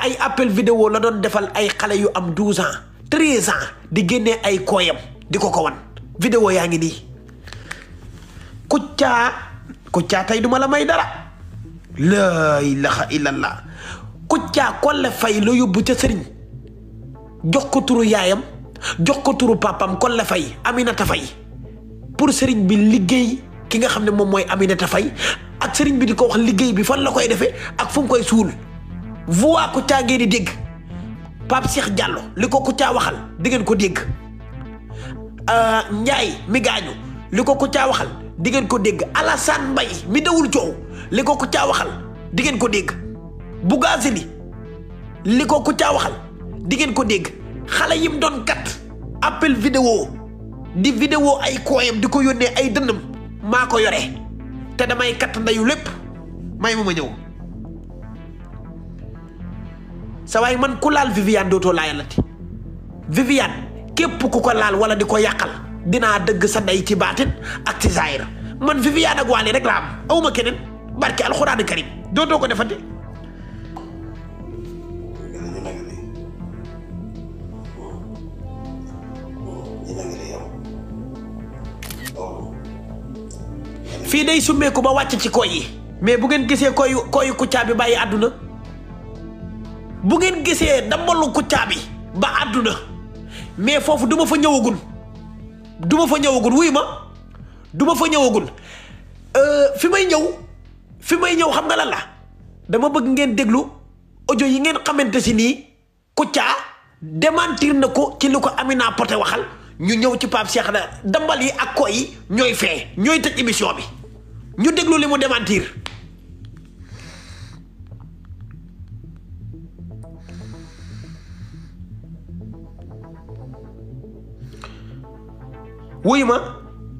ay appel vidéo la doon defal ay xale yu am 12 ans 13 ans di génnee ay kooyam di ko ko wan vidéo yaa ngi nii Kouthia Kouthia tey duma la may dara laa ilaha illallah Kouthia Collé fay la yóbbu ca sëriñ jox ko turu yaayam jox ko turu papam Collé fay Aminata Faye pour sëriñ bi liggéey ki nga xam ne moom mooy Aminata Faye ak sëriñ bi di ko wax liggéey bi fan la koy defee ak fu mu koy suul voix Kouthia ku di dégg Pape Cheikh li ko Kouthia caawaxal di ngeen ko dégg euh, Ndiaye mi gaañu li ko Kouthia waxal di ngeen ko dégg Alassane Mbaye mi dawul coow li ko Kouthia waxal di ngeen ko dégg Bougazelli li ko Kouthia waxal di ngeen ko dégg xale yim doon kat appel vidéo di vidéo ay kooyam di ko yónnee ay dënnam maa ko yore te damay kat ndayu lépp may ma ma ñëw sa waaye man ku laal Viviane dootoo laayalati Viviane képp ku ko laal wala di ko yàqal dinaa dëgg sa ndey ci baatin ak ci zaahir man Viviane ak Wally rek laa am awuma keneen barke alxuraanu karim dootoo ko defati fii day summeeku ba wàcc ci koy yi mais bu ngeen gisee koy koy ku caabi bàyyi àdduna bu ngeen gisee dambalu Kouthia bi ba àdduna mais foofu duma fa ñëwagul duma fa ñëwagul wuy ma duma fa ñëwagul euh, fi may ñëw fi may ñëw xam nga la la dama bëgg ngeen déglu audio yi ngeen xamante si nii Kouthia démentir na ko ci li ko Amina Poté waxal ñu ñëw ci Pape Cheikh na dambal yi ak ñooy fee ñooy tëj émission bi ñu déglu li mu démentir wuy ma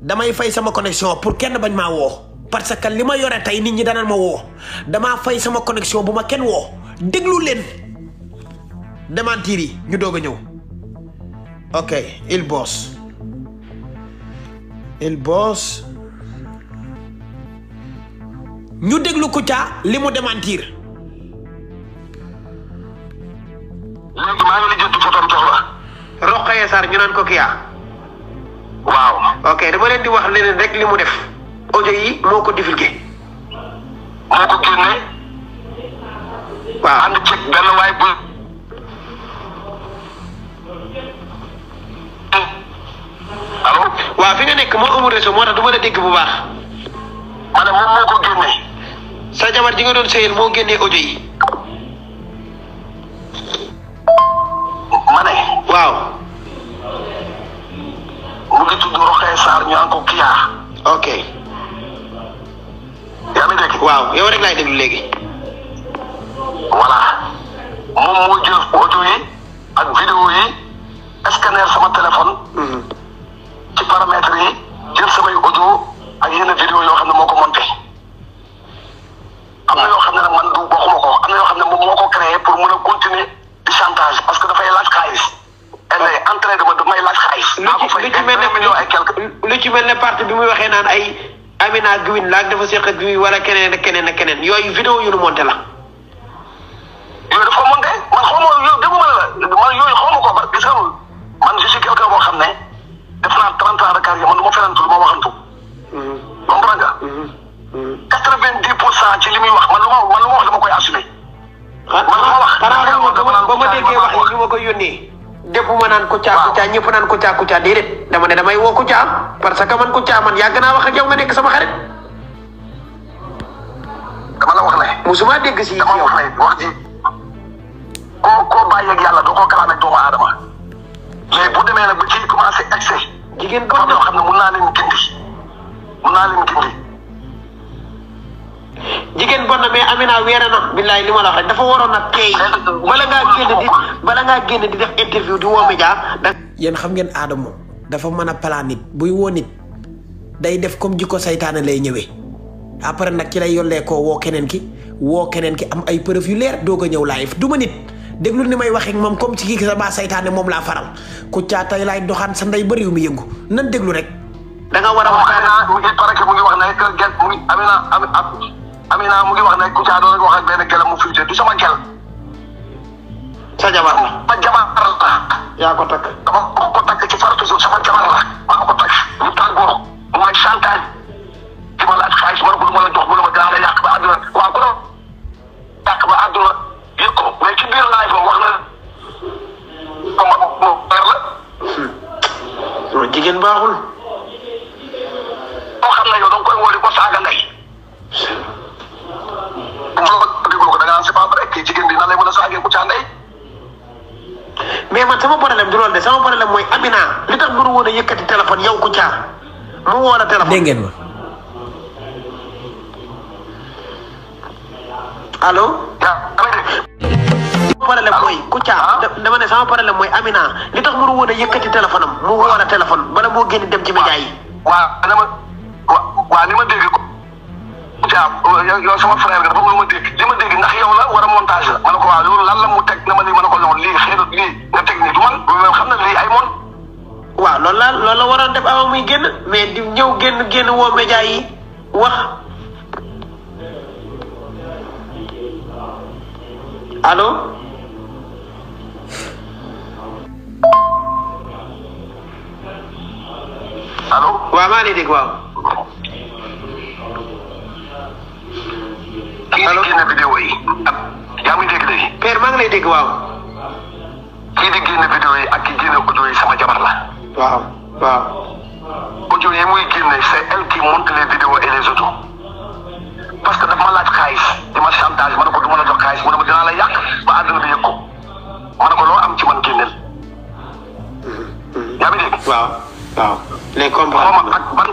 damay fay sama connexion pour kenn bañ ma wo parce que lima yoré tay nit ñi danañ ma wo dama fay sama connexion buma kenn wo deglu len démentiri ñu doga ñew ok il boss il boss ñu deglu ko ca limu démentir léegi maa ngi la fotom jox la sar ñu naan Wow. ok dama leen di wax leneen rek li mu def audio yi moo ko divulgué moo ko génne waaw ànd ci benn waay bu allo waaw fi nga nekk moo amul réseau moo tax du ma la dégg bu baax ma moom moo ko génne sa jabar ji nga doon sëyal moo audio yi ma ne waaw ok. yaa ngi dégg. waaw yow rek laay déglu léegi. voilà moom moo jël audio yi ak vidéo yi scanner sama téléphone. Mhm. ci paramètres yi jël samay audio ak yenn vidéo yoo xam ne moo ko monté. am na yoo xam ne nag man du waxuma ko am na yoo xam ne moom moo ko créé pour mun a continuer di chantage parce que dafay laaj xaalis. naa ko fay un million et quelque. lu ci mel ne parti bi mu waxee naan ay Amina Guèye laag dafa seq ak guy wala keneen ak keneen ak keneen yooyu vidéo yu nu monté la. yooyu dafa monté man xaw ma yow déggu ma la man yooyu xaw ko ba gis nga man je suis quelqu'un boo xam ne def naa trente ans de carrière man du ma fenantu du ma waxantu. Mhm. comprends nga. Mhm. Mhm. quatre vingt dix li muy wax man lu ma man lu ma wax dama koy assumer. Ah, man lu ma wax. xanaa ma déggee wax yi ko yónnee. fépp ma naan Kouthia Kouthia ñëpp naan Kouthia Kouthia déedéet dama ne damay woo Kouthia parce que man Kouthia man yàgg naa wax ak yow nga nekk sama xarit. la wax ne. musuma dégg si yow dama wax ne wax ji koo koo bàyyeeg yàlla doo koo kalaame doomu aadama mais bu demee nag ba ci commencé excès. jigéen boo xam ne mun naa leen jigen bon na mais amina wéra na billahi limala ma wax dafa waroon a tey bala ngaa génn di bala nga génn di def interview du woo média yeen xam ngeen adamu dafa mën planit buy nit day def comme jiko saytaane lay ñëwé après nak ki lay yollé ko wo kenen ki wo kenen ki am ay preuve yu leer do ga ñëw live duma nit deglu ni may ak mom comme ci ki sa ba saytaane mom la faral ku caa tey lay doxan sa ndey bëriw mi yëngu nan deglu rek da nga wara waxana mu ngi pare mu ngi wax na kër gen mu ngi amina am Amina mu ngi wax ne Kouthia doon wax ak benn gelam mu fuite du sama gel. sa jabar la ma jabar la. yaa ko takk. dama ko takk ci faratu suuf sama jabar la maa ko takk ñu tàggoo mooy chantage di ma laaj xaalis man ko du ma la jox bu la ma daal yàq ba àdduna waaw ku la yàq ba àdduna yëg ko mais ci biir laaj moom wax na la. Hmm. jigéen baaxul. yëkkati téléphone yow ku caar mu woon a téléphone. dégg ma. allo. sama problème mooy dama sama problème mooy Amina li tax mënu woon a téléphone am mu woon téléphone bala moo génn dem ci média yi. waaw dama waaw waaw ma dégg sama frère nga dafa ma dégg li dégg ndax yow la war montage la ko lan la mu tek na génn génn woo média yi wax allo allo waaw maa ngi dégg waaw allo kii di génn vidéo yi yaa ngi dégg léegi père maa ngi lay dégg waaw kii di génn vidéo yi audio yi muy génne c'est elle qui monte les vidéos et les autos parce que daf ma laaj xaalis di ma chantage ma ne ko du ma la jox xaalis mu ne ma dinaa la yàq ba àdduna bi yëg ko ma ne ko am ci man génneel. Mhm. yaa ngi dégg. waaw waaw les comprendre xaw ma ak ban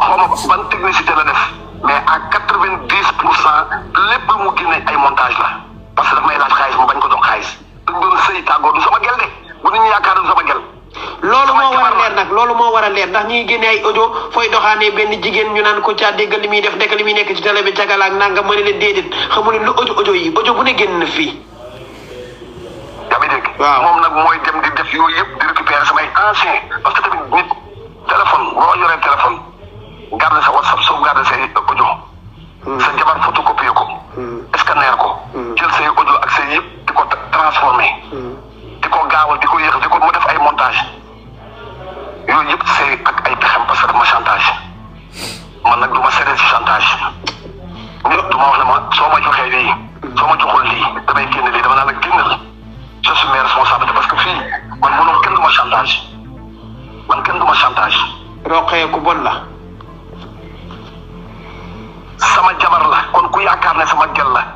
xaw ma ban technicité la def mais à quatre vingt dix pour cent lépp mu génne ay montage la parce que daf may laaj xaalis mu bañ ko jox xaalis. duñ doon sëy tàggoo du sama gel de bu nit ñi yaakaar du sama gel. loolu moo war a leer nag loolu moo war a ndax ñuy génne ay audio fooy doxaanee benn jigéen ñu naan ko caa déggal li muy def nekk li muy nekk ci télé bi cagala ak nangam ma leen déedéet xamu leen lu audio audio yi audio bu ne génn na fii. yaa ngi dégg. waaw moom nag mooy dem di def yooyu yëpp di récupérer samay ancien parce que tamit nit téléphone boo yoree téléphone garde sa whatsapp sauvegarde say audio. Hmm. sa jabar photocopier ko. Hmm. scanner ko. Hmm. jël say audio ak yëpp di ko transformer di ko gaawal di ko yéex di ko mu def ay montage. yooyu yëpp c'est ak ay pexem parce que daf chantage man nag du ma seree si chantage nit du wax ne ma soo ma joxee lii soo ma joxul lii damay génn lii dama naan la génnal je suis mes responsabilités parce que man mënoo kenn du ma chantage man kenn du ma chantage. roqee ku bon la. sama jabar la kon ku yaakaar ne sama gel la.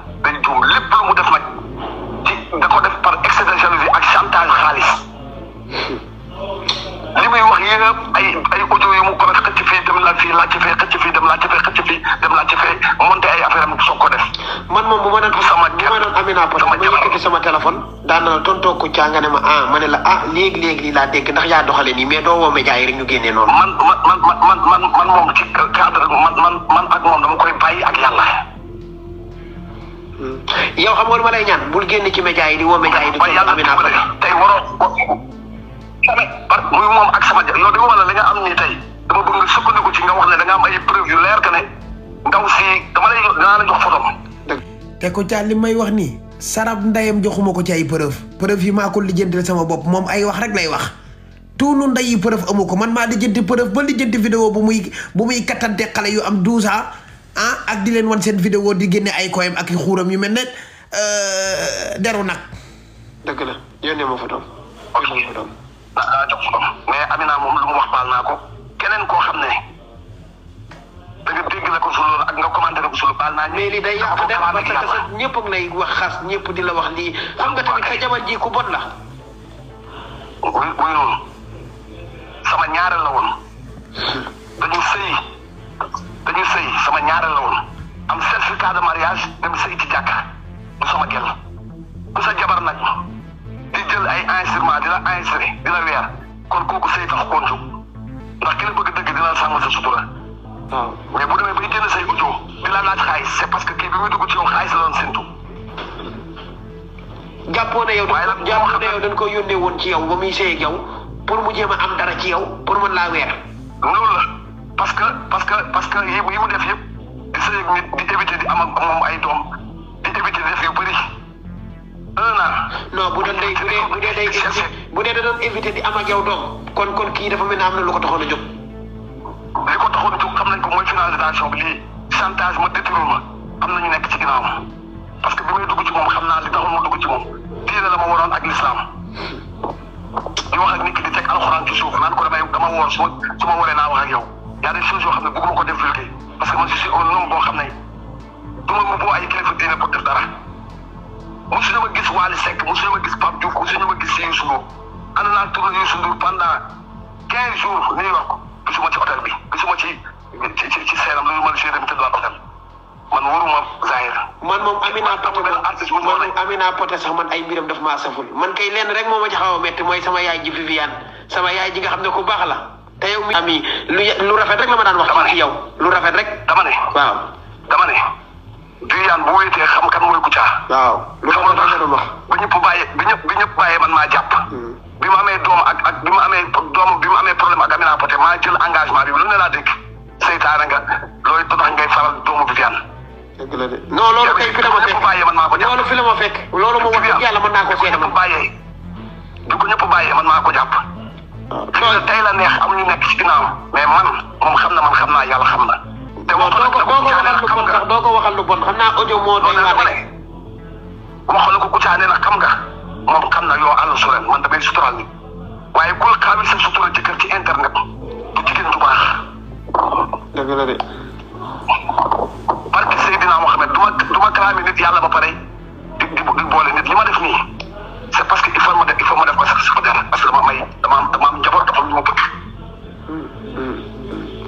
fii laajte fee xëcc fii dem laajte fee xëcc fii dem laajte ay affaire am ko def. man moom bu ma doon sama bu a doon Amina Poté sama téléphone daan na tontoo ko caa nga ne ma ah ma la ah léegi léegi lii laa dégg ndax yaa doxale nii mais doo woo média yi rek ñu génnee noonu. man man man man man man moom ci cadre man man man ak moom dama koy bàyyi ak yàlla. Hmm. xam nga ma lay ñaan bul génn ci média yi di woo média yi di. waaw yàlla tey waroo ko. muy moom ak sama yow di wala li nga am nii tey dama bëgg nga wax yu leer que ne ndaw si dama lay te ko caa li may wax nii sarab ndeyam joxuma ko ci ay preuve preuve yi maa ko lijjantil sama bopp moom ay wax rek lay wax tuunu ndeyi preuve amu ko man maa lijjanti preuve ba lijjanti vidéo bu muy bu muy kattante xale yu am 12 ans ah, ak di leen wan seen vidéo di génne ay koyam ak i xuuram yu mel ne euh, deru nag. dëgg la yónnee ma fotom. ok Amina moom lu mu wax baal naa ko. keneen koo xam ne da nga dégg la ko su loolu ak nga commenté ko su loolu baal naa mais day yàq def parce ñëpp ak lay xas ñëpp di la wax lii xam nga tamit sa jabar ji ku bon la wuy wuy noonu sama ñaareel la woon sëy sama ñaareel la am certificat de mariage dem sëy ci jàkk bu nag di jël ay instruments di la instruire di weer kon kooku sëy tax koon jóg ndax ki la bëgg dëgg dina la sàmmal sa sutura. waaw mais bu demee bay jënd say audio di la laaj xaalis c'est parce que kii bi muy dugg ci yow xaalis la doon séntu. jàppoo ne yow jàppoo ne yow dañ ko yónnee woon ci yow ba muy seey ak yow pour mu jéem am dara ci yow pour mën laa weer. loolu la parce que parce que parce que yi mu def yëpp di seey ak nit di éviter di am ak moom ay doom. un ah, an. bu doon day bu dee bu dee day éviter bu dee da doon éviter di doom kon kon kii dafa mel ne am lu ko taxoon a jóg. ko taxoon a xam nañ ko mooy finalisation bi lii chantage ma détourné ma am na ñu nekk ci ginnaawam parce que bi may dugg ci xam naa li taxoon ma dugg ci moom diine la ma waroon ak lislaam di wax ak nit ki di teg alxuraan ci suuf naan ko damay dama woor su ma su ma waree naa wax ak yow y a des xam ne bëgguma ko divulguer parce que man xam ne du ma mu dara. musuñu ma gis Wally Seck musuñu ma gis Pape Diouf musuñu ma gis Youssou Ndour ànd naa tourné Youssou Ndour pendant bi gisuma ci ci ma joué dem tëddaat hôtel man wóoruma Zahir. man moom Amina Poté benn artiste bu man Amina Poté sax ay mbiram daf maa saful man kay lenn rek moo ma ci xaw a métti mooy sama yaay ji Viviane sama yaay ji nga xam ne ku baax la te yow mi ami lu rafet rek la ma daan wax ci yow lu rafet rek dama ne waaw dama ne Viviane bu wéetee xam kan mooy Kouthia. waaw lu tax ba ñëpp bàyyee bi ñëpp man maa jàpp. Hmm. bi ma amee doom ak ak bi ma amee doom bi ma amee problème ak a Poté maa jël engagement bi lu ne laa dégg seytaane nga looy tax ngay faral doomu Viviane. dëgg la de non loolu kay fi la ma fekk bàyyee man maa ko jàpp loolu fi la ma fekk. loolu moom wax dëgg yàlla mën naa ko seede man bàyyee bi ko man maa jàpp. waaw ah. tey neex am ñu nekk ci ginnaaw man moom xam na man xam naa yàlla xam na te waxal ko ko a ko waxal lu bon xam naa audio moo doy waar rek. waxal ko Kouthia nee na xam nga moom xam na yow àll su ren man damay sutural ni waaye kul xaabil sa sutura jëkkër ci internet du jigéen du baax. dëgg la de. barke Seydina Mohamed du ma du ba pare di di boole nit li ma def nii c'est parce que il faut ma def il faut ma def ko sax si parce que dama may dama am dama am njaboot dafa ñu ma bëgg. Mm, mm.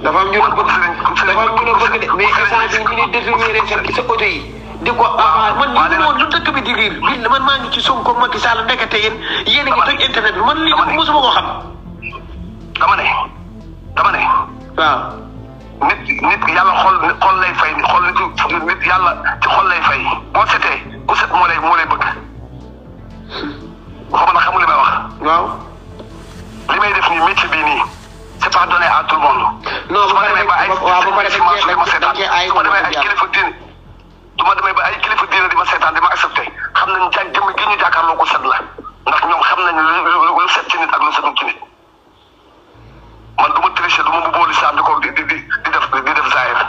dafa am ñu la bëgg sëriñ dafa am ñu la bëgg de mais échange bi ñu ngi détourné sa oto yi di ko ah, avancé man ñu ah, ngi woon lu dëkk bi di riir bi man maa ngi ci Sonko Macky Sall nekkate yéen yéen a ngi toj internet bi man lii mosuma ko xam. dama ne dama ne. waaw. nit nit yàlla xol xol lay fay xol nit yàlla ci xol lay fay boo setee ku set moo lay moo lay bëgg. xam nga xamul li may wax. waaw. li may def nii métier bii nii c'est pas donné à tout le monde. non su ma demee ba ay waaw ba pare dañ cee ay su ma demee ay kilifa diine su ma demee ba ay kilifa diine di ma seetaan di ma accepté xam nañ jàng jëmm gi ñu jàkkaarloo ko set la ndax ñoom xam nañ lu set ci nit ak lu setul ci nit man du triché du bu booli saam ko di di di def di def zaayir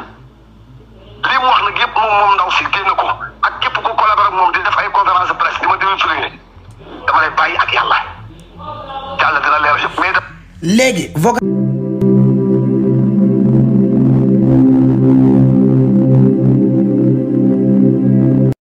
lii mu wax nag yëpp moom moom ndaw si génn ko ak képp ku collaboré ak di def ay conférence de presse di ma déglu dama lay bàyyi ak yàlla yàlla dina leer mais léegi